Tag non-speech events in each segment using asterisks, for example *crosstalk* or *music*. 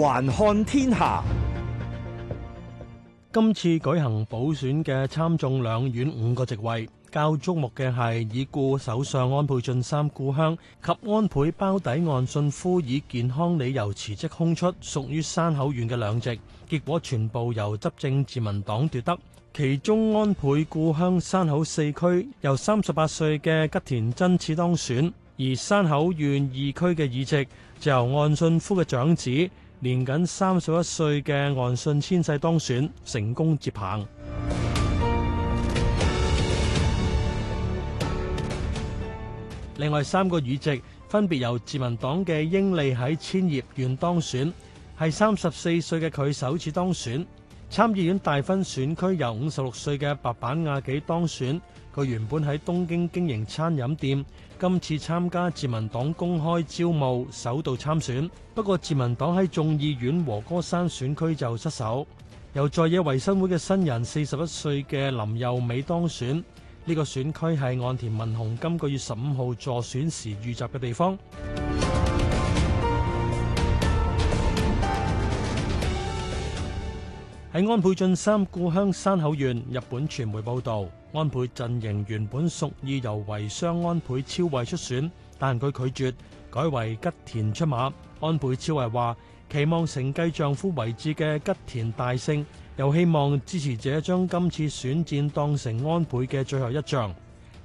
環看天下，今次舉行補選嘅參眾兩院五個席位，較矚目嘅係已故首相安倍晉三故鄉及安倍胞弟岸信夫以健康理由辭職空出，屬於山口縣嘅兩席，結果全部由執政自民黨奪得。其中安倍故鄉山口四區由三十八歲嘅吉田真次當選，而山口縣二區嘅議席就由岸信夫嘅長子，年僅三十一歲嘅岸信千世當選，成功接棒。 *music* 另外三個議席分別由自民黨嘅英利喺千葉縣當選，係三十四歲嘅佢首次當選。參議院大分選區由五十六歲嘅白板亞紀當選。佢原本喺東京經營餐飲店，今次參加自民黨公開招募首度參選。不過自民黨喺眾議院和歌山選區就失守，由在野維新會嘅新人四十一歲嘅林佑美當選。呢、這個選區係岸田文雄今個月十五號助選時遇襲嘅地方。喺安倍晉三故鄉山口縣，日本傳媒報道，安倍陣營原本屬意由遺孀安倍昭惠出選，但佢拒絕，改為吉田出馬。安倍昭惠話期望承繼丈夫遺志嘅吉田大勝，又希望支持者將今次選戰當成安倍嘅最後一仗。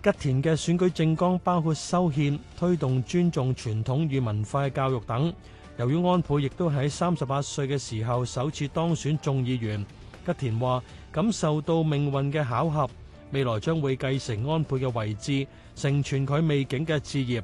吉田嘅選舉政綱包括修憲、推動尊重傳統與文化嘅教育等。由於安倍亦都喺三十八歲嘅時候首次當選眾議員，吉田話感受到命運嘅巧合，未來將會繼承安倍嘅位置，成全佢未竟嘅事業。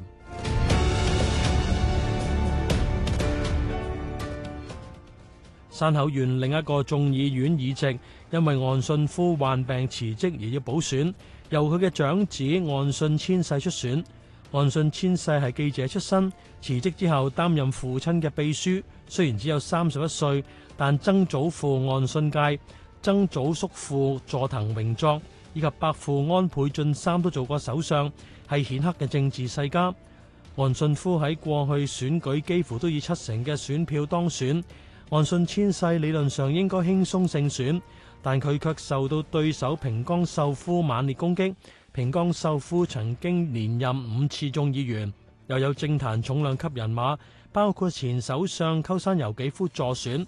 山口縣另一個眾議院議席，因為岸信夫患病辭職而要補選，由佢嘅長子岸信千世出選。岸信千世係記者出身，辭職之後擔任父親嘅秘書。雖然只有三十一歲，但曾祖父岸信介、曾祖叔父佐藤榮作以及伯父安倍晉三都做過首相，係顯赫嘅政治世家。岸信夫喺過去選舉幾乎都以七成嘅選票當選。岸信千世理論上應該輕鬆勝選，但佢卻受到對手平江秀夫猛烈，烈攻擊。平江秀夫曾經連任五次眾議員，又有政壇重量級人馬，包括前首相鳩山由紀夫助選。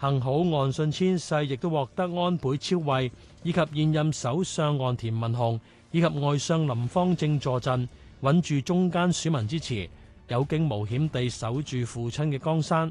幸好岸信千世亦都獲得安倍昭惠以及現任首相岸田文雄以及外相林芳正助陣，穩住中間選民支持，有驚無險地守住父親嘅江山。